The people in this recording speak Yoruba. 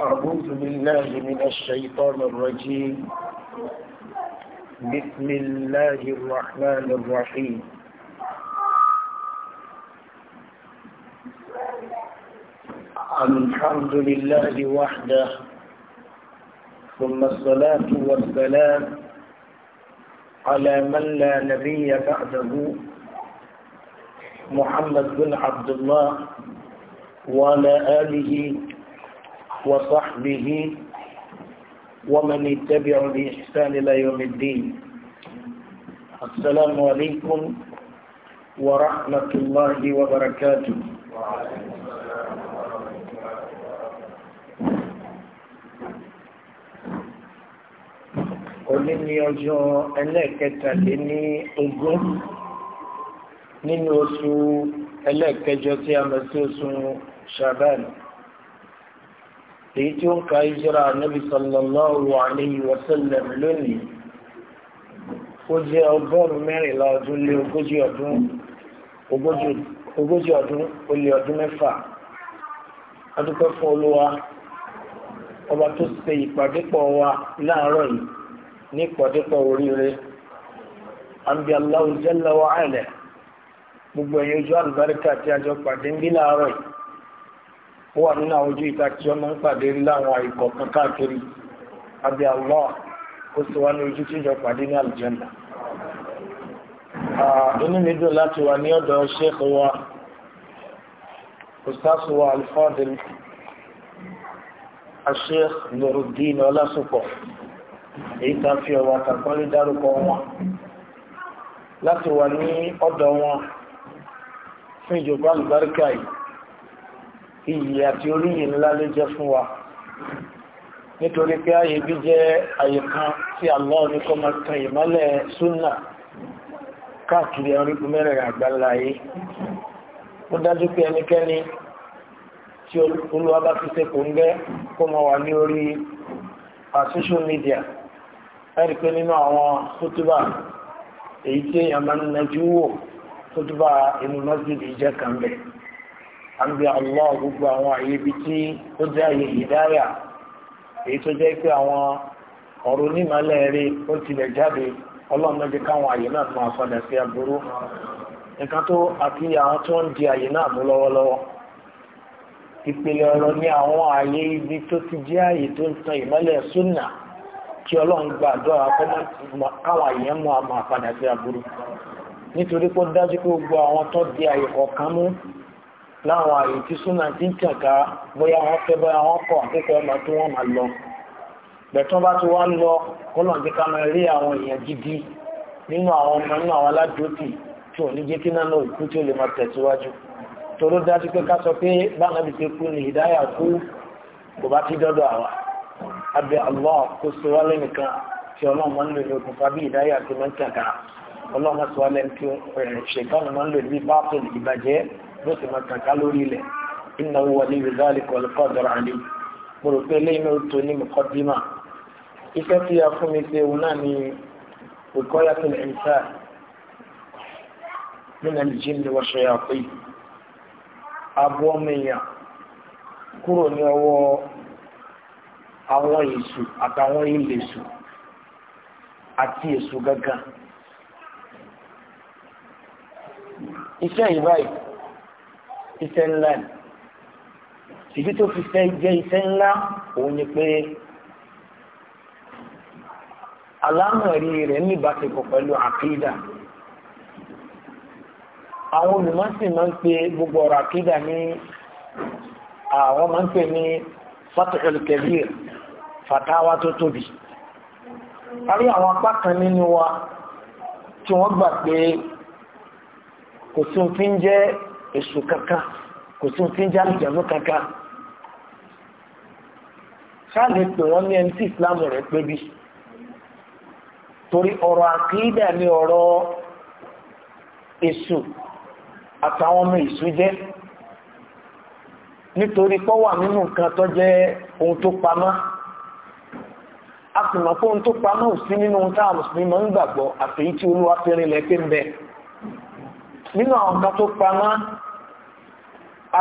أعوذ بالله من الشيطان الرجيم بسم الله الرحمن الرحيم الحمد لله وحده ثم الصلاة والسلام على من لا نبي بعده محمد بن عبد الله وعلى آله وصحبه ومن يتبع بإحسان إلى يوم الدين السلام عليكم ورحمة الله وبركاته قل إني أجو أنك تأتيني أجو نين وسو أنك جاتي أمسوس شابان èyí tí ó ń ka ìjọra ànábì sallallahu alayhi wa sallam lónìí ó jẹ́ ọgọ́rùn mẹ́rìnlá ọdún lé ogójì ọdún ogójì ọdún ó lé ọdún mẹ́fà adúpẹ́ fún olúwa ọba tó ṣe ìpàdépọ̀ wa láàárọ̀ yìí ní ìpàdépọ̀ oríire àǹbí Allahu jalla wa ala gbogbo ẹ̀yìn ojú àlùbáríkà tí a jọ pàdé ń bí láàárọ̀ yìí ó wà nínú àwọn ojú ìta tí ọmọ ń pàdé láwọn àìkọ̀ kan káàkiri abẹ́ Allah ó sì wá ní ojú tí ìjọ pàdé ní àlùjẹ́nà ah, inú mi dùn láti wà ní ọ̀dọ̀ ṣéèkì wa ustaz wa al-Fadil Sheikh Nuruddin Ọlásùpọ̀ èyí tá fi ọ̀rọ̀ àtàkọ́lé dárúkọ wọn láti wà ní ọ̀dọ̀ wọn fún ìjọba àlùbáríkà yìí iyì àti oríyìn ńlá ló jẹ́ fún wa nítorí pé ayé bí jẹ́ ayé kan tí Allah ní kọ́ máa tan ìmọ́lẹ̀ súnà káàkiri orígun mẹ́rẹ̀ẹ̀rẹ̀ àgbáláyé ó dájú pé ẹnikẹ́ni tí olúwa bá fi ṣe kò ń gẹ́ kó máa wà ní orí social media ẹ̀rí pé nínú àwọn kútúbà èyí tí èèyàn máa ń najú wò kútúbà inú masjid ìjẹ́ kan bẹ́ẹ̀ a àlọ́ gbogbo àwọn àyè ibi tí ó jẹ́ àyè ìdáyà èyí tó jẹ́ pé àwọn ọ̀rọ̀ onímọ̀lẹ́ rí ó tilẹ̀ jáde ọlọ́mọdé káwọn àyè náà tún àfọdà sí aburú nǹkan tó àti àwọn tó ń di àyè náà mú lọ́wọ́lọ́wọ́ ibi tó ti jẹ́ àyè tó ń tan ìmọ́lẹ̀ súnà kí ọlọ́run káwọn àyè mú sí nítorí pé gbogbo àwọn di àyè kọ̀ọ̀kan mú láwọn àyè tí súnà ti ń kànká bóyá wọ́n fẹ́ bóyá wọ́n kọ̀ àkókò ọmọ tí wọ́n máa lọ bẹ̀tún bá ti wá lọ kọ́nà tí ká máa rí àwọn èèyàn gidi nínú àwọn ọmọ nínú àwọn aládùúgbò tí ò ní jẹ́ kí náà òkú tí ó lè máa tẹ̀síwájú toró dájú pé ká sọ pé báwọn ibi ti kú ní ìdáyà kú kò bá ti dọ́dọ̀ àwa abẹ́ Allah kó sọ wá lẹ́nìkan tí ọlọ́run máa ń lò ní okùnfà bí ìdáyà tó máa ń ló sì máa kàkà lórí ilẹ̀ innahu waliyyu dhalika wal qadiru alayh mo rò pé eléyìí náà tó ní muqaddima iṣẹ́ tí a fún mi ṣe òun náà ni wiqayatul insan min al-jinni wa shayatin abo ọmọ èèyàn kúrò ní ọwọ́ àwọn èṣù àtàwọn ilé èṣù àti èṣù gángan iṣẹ́ yìí iṣẹ́ ńlá ni ìdí tó fi fẹ́ jẹ́ iṣẹ́ ńlá òun ni pé alámọ̀rí rẹ̀ níbáṣepọ̀ pẹ̀lú àkídà àwọn olùmọ́sí máa ń pe gbogbo ọ̀rọ̀ àkídà ní àwọn máa ń pè ní Fathul Kabir fatawa tó tóbi a rí àwọn apá kan nínú wa tí wọ́n gbà pé kò sí òfin jẹ́ èṣù kankan kò sí ti ń já ìjànú kankan ṣáàlì pé wọ́n ní ẹni tí ìsìláàmù rẹ̀ pé bí torí ọ̀rọ̀ àkídà ni ọ̀rọ̀ èṣù àtàwọn ọmọ èṣù jẹ́ nítorí pọ́wà nínú nǹkan tó jẹ́ ohun tó pamọ́ a sì mọ̀ pé ohun tó pamọ́ ò sí nínú ohun táwọn mùsùlùmí máa ń gbàgbọ́ àfẹ́yí olúwa fẹ́rin lẹ́pẹ́ ń bẹ́ẹ̀ nínú àwọn kan tó pamọ́